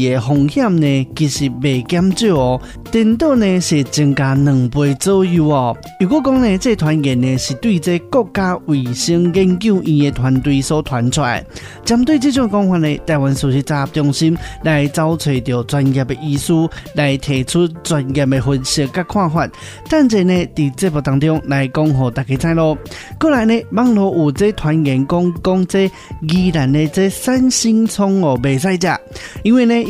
嘅風險呢其實未減少哦，頂多呢是增加兩倍左右哦。如果講呢，這個團員呢是對這國家衛生研究院嘅團隊所傳出來，針對這種講法呢，台灣事實查核中心來找找專業嘅醫師來提出專業嘅分析甲看法。等陣呢，佇節目當中來講，互大家知咯。過來呢，網絡有這團員講講這宜蘭呢，這個三星蔥哦未使食，因為呢。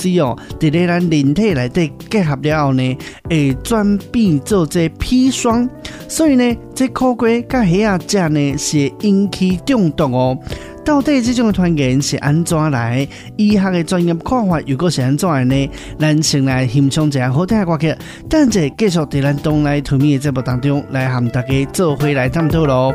是哦，佇咧咱人體內底結合了後呢，會轉變做只砒霜，所以呢，這苦瓜甲蝦仔醬呢是引起中毒哦。到底這種嘅傳染是安怎來的？醫學嘅專業看法又果是安怎呢？咱先來欣賞一下好聽嘅歌曲，等下繼續佇咱東來土咪嘅節目當中來和大家做伙來探討咯。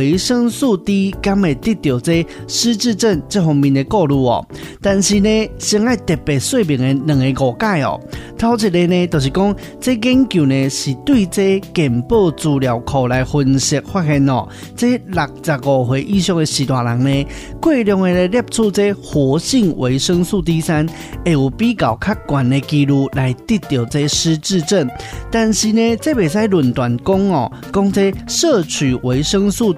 維生素 D，將會得到這失智症這方面的顧慮，哦，但是呢，先要特別說明的兩個誤解哦，頭一個呢，就是講，這個、研究呢是對這健保資料庫來分析發現哦、喔，這六十五歲以上嘅四大人呢，過量嘅攝取這活性維生素 D 三，會有比較較懸嘅幾率來得到這失智症，但是呢，即袂使論斷講哦，講在攝取維生素。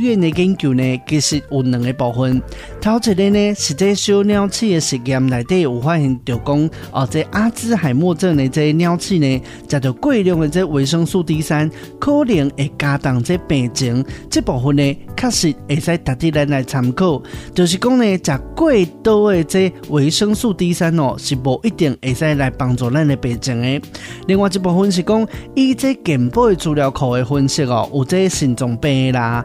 醫院的研究呢，其實有兩個部分。頭一個呢，是際小老鼠嘅實驗內底有發現，就是，着講哦，這阿茲海默症嘅這老鼠呢，食到過量嘅這維生素 D 三，可能會加重這病情。這部分呢，確實會使值得來來參考。就是講呢，食過多嘅這維生素 D 三哦，是無一定會使來幫助咱嘅病情嘅。另外一部分是講，以這健保資料庫嘅分析哦，有這心臟病啦。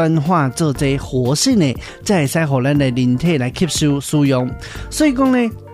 分化做些活性的，再系使，讓咱的人體來吸收、使用，所以講呢。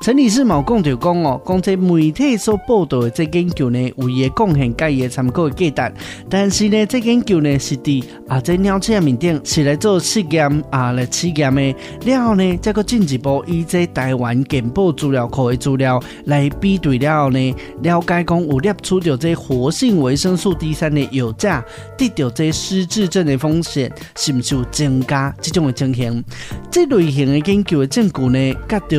陳女士嘛有講就講哦，講這媒體所報道的這研究呢，有嘢貢獻、介嘢參考嘅價值。但是呢，這研究呢，是在啊，這尿檢面頂是來做實驗啊，來試驗嘅。然後呢，再進一步以這台灣健保資料庫的資料來比對了後呢，了解講有攝出掉這活性維生素 D 三的有價，得到這失智症嘅風險是唔是有增加？這種嘅情形，這類型的研究嘅證據呢，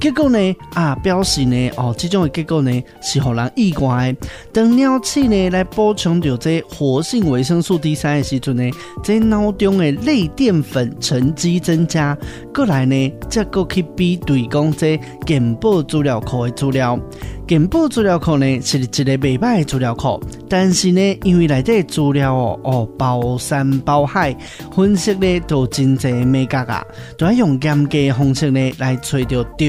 結果呢？啊，表示呢？哦、喔，這種嘅結果呢，是互人意外。當鳥氣呢來補充着這活性維生素 D 三嘅時陣呢，這腦中嘅類澱粉沉積增加。過來呢，這個去比對講這健保資料庫嘅資料。健保資料庫呢，是一個未歹嘅資料庫，但是呢，因為內底資料哦哦包山包海，分析呢都真濟味啊，都愛用嚴格方式呢來揣着對。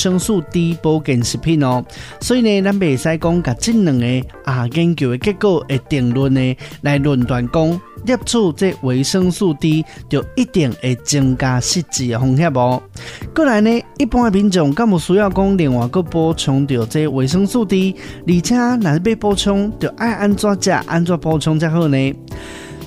維生素 D 保健食品哦、喔，所以呢，咱未使講甲這兩個阿研究的結果嘅定論呢，來論斷講攝入這維生素 D 就一定會增加失智嘅風險哦。過來呢，一般嘅品種咁無需要講另外補充掉這維生素 D，而且若是咩補充就按安怎食，按怎補充才好呢？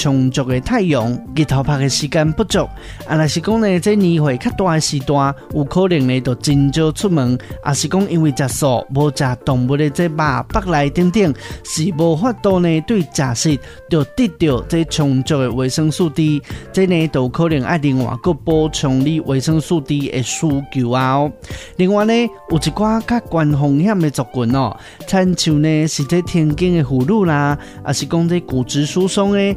充足的太陽，日頭曬嘅時間不足，啊，那是講呢，這年歲較大嘅時段，有可能呢，都真少出門，啊，是講因為食素，無食動物嘅這肉肉類等等，是無法度呢對食食，就得到這充足嘅維生素 D，這呢都可能愛另外，佮補充你維生素 D 嘅需求啊。哦，另外呢，有一寡較懸風險嘅族群哦，親像呢，是睇天津嘅婦女啦，啊，是講這骨質疏鬆誒。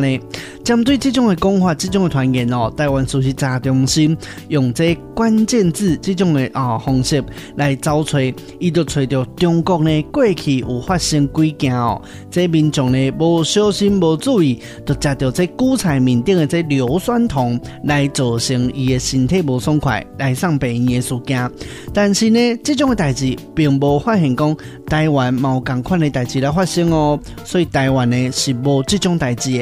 咧，針對這種嘅講法，這種嘅傳言哦，台灣事實查核中心用這關鍵字這種嘅啊、哦、方式來找出伊，就找着中國咧過去有發生幾件哦、喔，這個、民眾咧無小心、無注意，就食着這韭菜面頂嘅這硫酸銅，來造成伊嘅身體無爽快，來送病院嘅事件。但是呢，這種嘅代志並無發現講台灣冇同款嘅代志來發生哦、喔，所以台灣咧是無這種代志。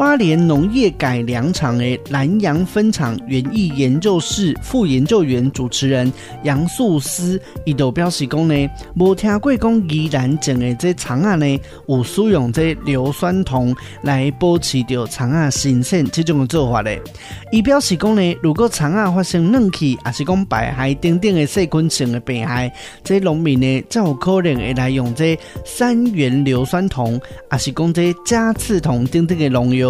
花蓮農業改良場的南洋分場園藝研究室副研究員主持人楊素思，伊都表示講呢，無聽過講宜蘭種誒這長啊呢，有使用這硫酸銅來保持着長啊新鮮，這種嘅做法呢。伊表示講呢，如果長啊發生嫩氣，也是講白害、叮叮嘅細菌性嘅病害，這農民呢，才有可能會來用這三元硫酸銅，也是講這加次銅叮叮嘅農藥。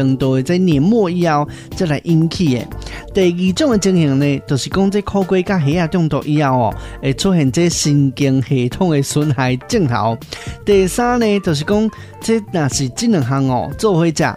增多在年末以後，再來引起嘅。第二種嘅情形呢，就是講即烤龜加血壓中毒以後哦，會出現即神經系統嘅損害症候；第三呢，就是講即若是即兩項哦做伙食。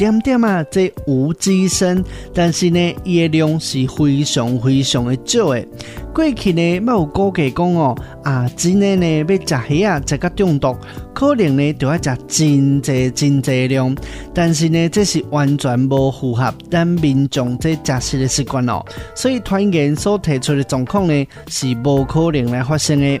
點點啊，這無機砷。但是呢，葉量是非常非常的少的。過去呢，冇有估計講哦，啊，真內呢要食蝦啊，食到中毒可能呢就要食真儕真儕量，但是呢，這是完全冇符合咱民眾這食食的習慣哦，所以團員所提出的狀況呢，是冇可能來發生的。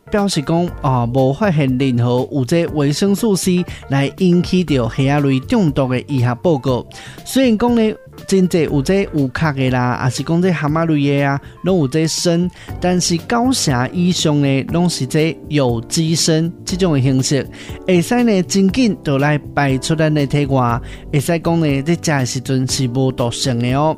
表示講啊，無、哦、發現任何有這維生素 C 來引起着蝦類中毒嘅醫學報告。雖然講咧真濟有這有殼嘅啦，啊是講這蛤蟆類嘢啊，攏有這砷，但是九成以上咧攏是這有機砷這種嘅形式，會使咧真緊就來排出咱嘅體外，會使講咧在食嘅時陣是無毒性嘅哦。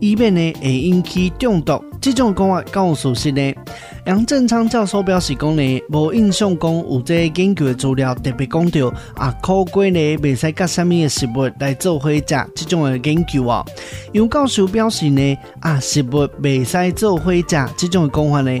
以免呢會引起中毒，這種講法夠屬實呢。楊振昌教授表示講呢，無印象講有這個研究資料特別講到啊，口可貴呢未使甲啥物嘅食物來做伙食這種嘅研究啊。楊教授表示呢啊，食物未使做伙食這種嘅講法呢。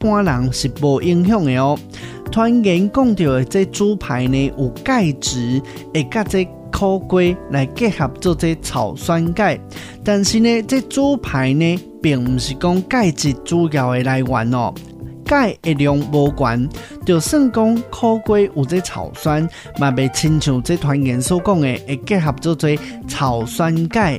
一般人是無影響嘅哦。傳言講到，即豬排呢有鈣質，會甲即苦瓜來結合做即草酸鈣。但是呢，即豬排呢並唔是講鈣質主要嘅來源哦，鈣含量無高，就算講苦瓜有即草酸，嘛未親像即團員所講嘅，會結合做即草酸鈣。